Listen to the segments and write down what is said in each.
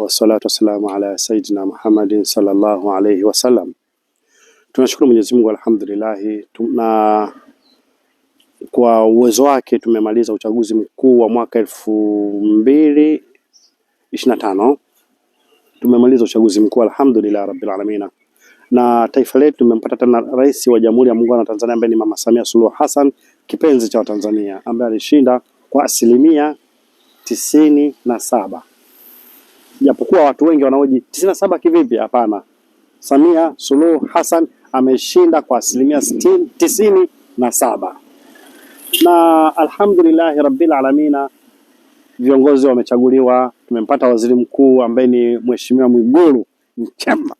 wassalatu wassalamu ala sayidina Muhammadin sallallahu alaihi wasallam. Tunashukuru Mwenyezi Mungu alhamdulillah, tuna kwa uwezo wake tumemaliza uchaguzi mkuu wa mwaka elfu mbili ishirini na tano. Tumemaliza uchaguzi mkuu alhamdulillah rabbil alamin, na taifa letu tumempata tena rais wa Jamhuri ya Muungano wa Tanzania ambaye ni Mama Samia Suluhu Hassan, kipenzi cha Watanzania, ambaye alishinda kwa asilimia tisini na saba japokuwa watu wengi wanaoji tisini na saba kivipi? Hapana, Samia Suluhu Hassan ameshinda kwa asilimia tisini na saba na alhamdulillahi rabbil alamina, viongozi wamechaguliwa. Tumempata waziri mkuu ambaye ni mheshimiwa Mwigulu Nchemba.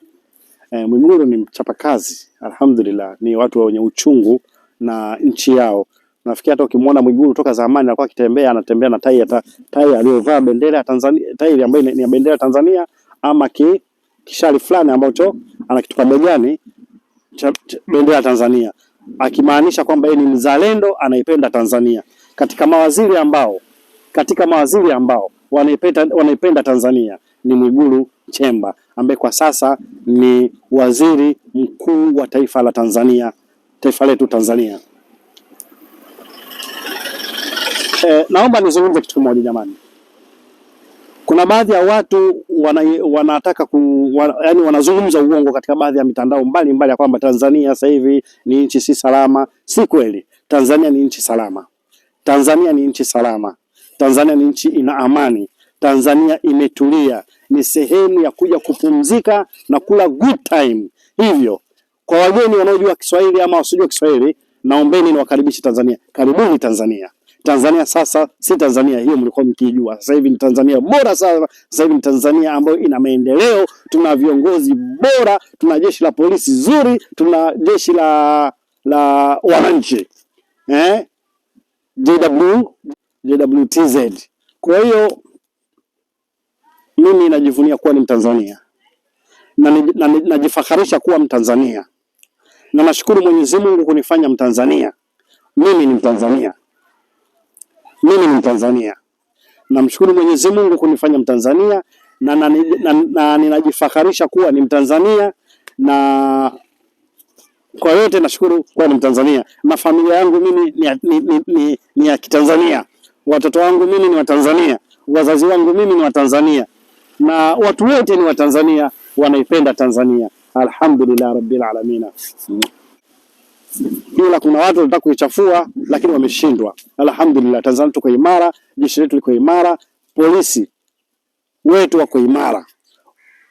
E, Mwigulu ni mchapakazi, alhamdulillah, ni watu wenye uchungu na nchi yao. Nafikiri hata ukimwona Mwigulu toka zamani alikuwa akitembea anatembea na tai hata tai aliyovaa bendera ya Tanzania, tai ambayo ni ya bendera ya Tanzania ama ki kishali fulani ambacho anakitupa begani cha bendera ya Tanzania, akimaanisha kwamba yeye ni mzalendo anaipenda Tanzania. Katika mawaziri ambao katika mawaziri ambao wanaipenda wanaipenda Tanzania ni Mwigulu Chemba ambaye kwa sasa ni waziri mkuu wa taifa la Tanzania, taifa letu Tanzania. Eh, naomba nizungumze kitu kimoja jamani. Kuna baadhi ya watu wana, wanataka ku, wana, yani wanazungumza uongo katika baadhi ya mitandao mbalimbali ya kwamba Tanzania sasa hivi ni nchi si salama. Si kweli. Tanzania ni nchi salama. Tanzania ni nchi salama. Tanzania ni nchi ina amani. Tanzania imetulia, ni sehemu ya kuja kupumzika na kula good time. Hivyo kwa wageni wanaojua Kiswahili ama wasiojua Kiswahili, naombeni niwakaribishe Tanzania. Karibuni Tanzania. Tanzania sasa si Tanzania hiyo mlikuwa mkijua. Sasa hivi ni Tanzania bora sana, sasa hivi ni Tanzania ambayo ina maendeleo, tuna viongozi bora, tuna jeshi la polisi zuri, tuna jeshi la la wananchi eh? JW, JWTZ. Kwa hiyo mimi najivunia kuwa ni Mtanzania na, na, najifaharisha kuwa Mtanzania na nashukuru Mwenyezi Mungu kunifanya Mtanzania. Mimi ni Mtanzania. Mimi ni Mtanzania, namshukuru Mwenyezi Mungu kunifanya Mtanzania na, na, na, na kuwa ni Mtanzania na kwa yote nashukuru kuwa ni Mtanzania na familia yangu mimi ni, ni, ni, ni, ni ya Kitanzania. Watoto wangu mimi ni Watanzania, wazazi wangu mimi ni Watanzania na watu wote ni Watanzania, wanaipenda Tanzania. Alhamdulillah rabbil alamin ila kuna watu wanataka kuichafua lakini wameshindwa. Alhamdulillah, Tanzania tuko imara, jeshi letu liko imara, polisi wetu wako imara,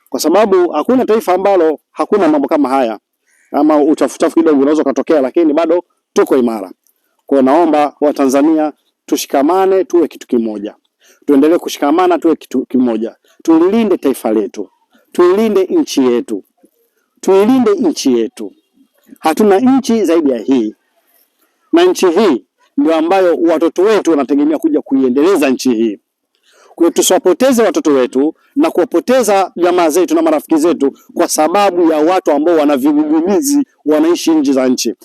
kwa sababu hakuna taifa ambalo hakuna mambo kama haya, ama uchafuchafu kidogo unaweza kutokea, lakini bado tuko imara. Kwa naomba Watanzania tushikamane, tuwe kitu kimoja, tuendelee kushikamana, tuwe kitu kimoja, tulinde taifa letu, tuilinde nchi yetu, tuilinde nchi yetu. Hatuna nchi zaidi ya hii, na nchi hii ndio ambayo watoto wetu wanategemea kuja kuiendeleza nchi hii. Kwa tusiwapoteze watoto wetu na kuwapoteza jamaa zetu na marafiki zetu kwa sababu ya watu ambao wana vigugumizi, wanaishi nchi za nchi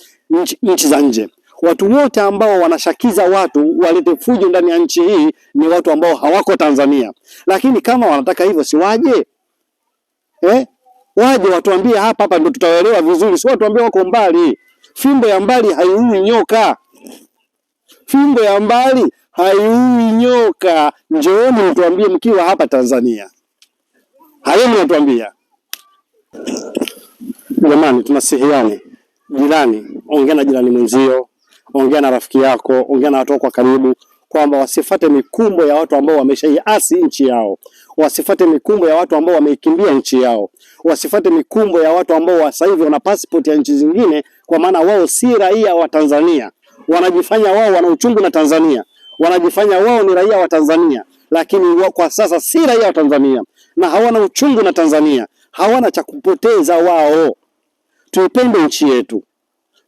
nchi za nje. Watu wote ambao wanashakiza watu walete fujo ndani ya nchi hii ni watu ambao hawako Tanzania, lakini kama wanataka hivyo siwaje, eh? waje watuambie hapa hapa, ndio tutaelewa vizuri, si watuambie wako mbali. Fimbo ya mbali haiui nyoka, fimbo ya mbali haiui nyoka. Njooni mtuambie mkiwa hapa Tanzania, hayo mnatuambia. Jamani, tunasihiane. Jirani, ongea na jirani mwenzio, ongea na rafiki yako, ongea na watu wako wa karibu kwamba wasifate mikumbo ya watu ambao wameshaiasi nchi yao, wasifate mikumbo ya watu ambao wameikimbia nchi yao, wasifate mikumbo ya watu ambao sasa hivi wana passport ya nchi zingine, kwa maana wao si raia wa Tanzania, wanajifanya wao wana uchungu na Tanzania, wanajifanya wao ni raia wa Tanzania, lakini kwa sasa si raia wa Tanzania na hawana uchungu na Tanzania, hawana cha kupoteza wao. Tuipende nchi yetu,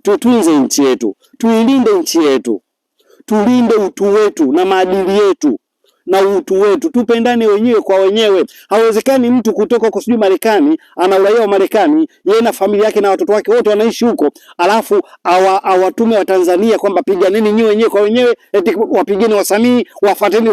tutunze nchi yetu, tuilinde nchi yetu tulinde utu wetu na maadili yetu na utu wetu, tupendane wenyewe kwa wenyewe. Hawezekani mtu kutoka huko sijui Marekani, ana uraia wa Marekani, yeye na familia yake na watoto wake wote wanaishi huko, alafu awatume wa tanzania kwamba piganeni nyinyi wenyewe kwa wenyewe, eti wapigeni Wasamii, wafateni,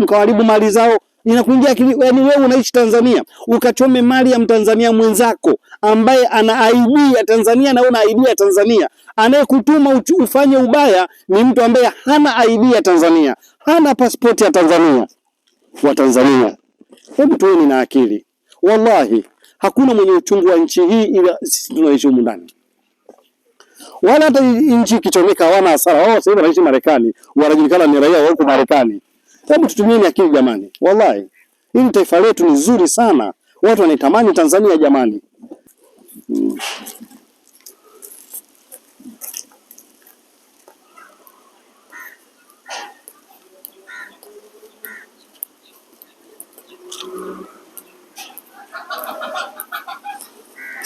mkawaribu mali zao. Inakuingia akili? Yani wewe unaishi Tanzania ukachome mali ya Mtanzania mwenzako ambaye ana aibu ya Tanzania na wewe una aibu ya Tanzania, Anayekutuma ufanye ubaya ni mtu ambaye hana ID ya Tanzania, hana pasipoti ya Tanzania. Wa Tanzania, hebu tuweni na akili. Wallahi, hakuna mwenye uchungu wa nchi hii ila sisi tunaishi humu ndani, wala hata nchi ikichomeka hawana hasara wao. Oh, sasa wanaishi Marekani, wanajulikana ni raia wa huko Marekani. Hebu tutumieni akili jamani, wallahi hili taifa letu ni zuri sana, watu wanaitamani Tanzania jamani.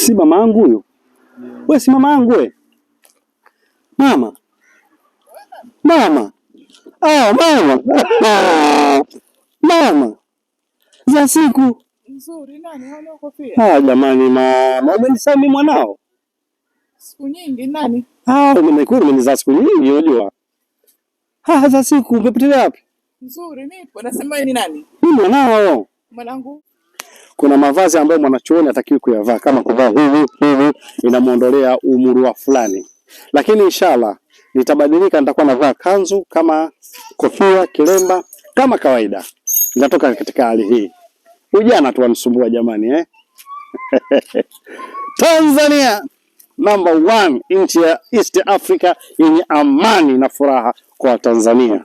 si mama yangu huyo? We si mama yangu we? Mama, mama, ah, mama, ah, mama za siku ah, jamani, mama umenisami mwanao Naikuru, ah, umenizaa siku nyingi. Unajua ah, za siku umepotelea wapi? Mimi mwanao kuna mavazi ambayo mwanachuoni atakiwi kuyavaa, kama kuvaa hivi hivi, inamuondolea wa fulani. Lakini inshallah nitabadilika, nitakuwa navaa kanzu kama kofia, kilemba kama kawaida, natoka katika hali hii. Ujana tu wanisumbua jamani, eh? Tanzania number one, nchi ya East Africa yenye amani na furaha kwa Tanzania.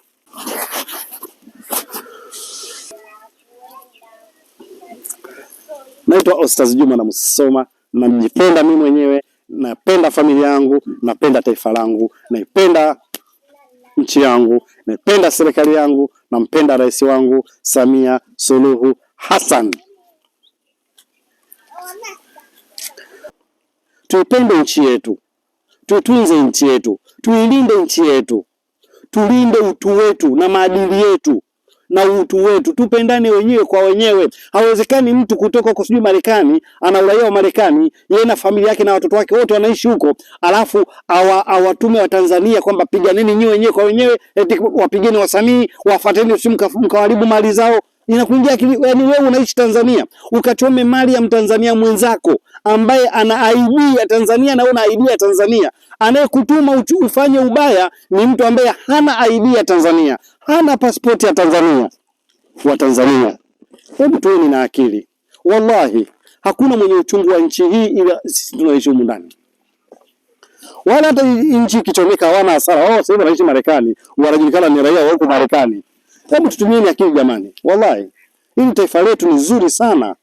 Naitwa Ostaz Juma na Musoma, najipenda mimi mwenyewe, napenda familia yangu, napenda taifa langu, naipenda nchi yangu, naipenda serikali yangu, nampenda rais wangu Samia Suluhu Hassan. Tuipende nchi yetu, tuitunze nchi yetu, tuilinde nchi yetu, tulinde utu wetu na maadili yetu na utu wetu, tupendane wenyewe kwa wenyewe. Hawezekani mtu kutoka huko sijui Marekani, ana uraia wa Marekani, yeye na familia yake na watoto wake wote wanaishi huko, alafu awatume wa Tanzania kwamba piganeni nyinyi wenyewe kwa wenyewe, eti wapigeni Wasamii, wafuateni, mkawaribu mali zao inakuingia akili. Yani wewe unaishi Tanzania ukachome mali ya Mtanzania mwenzako ambaye ana ID ya Tanzania na una ID ya Tanzania. Anayekutuma ufanye ubaya ni mtu ambaye hana ID ya Tanzania hana pasipoti ya Tanzania wa Tanzania. Hebu tuweni na akili, wallahi hakuna mwenye uchungu wa nchi hii ila sisi tunaishi humu ndani, wala hata nchi ikichomeka hawana hasara wao. Oh, sasa wanaishi Marekani, wanajulikana ni raia wa huko Marekani. Hebu tutumieni akili jamani, wallahi hili taifa letu ni zuri sana.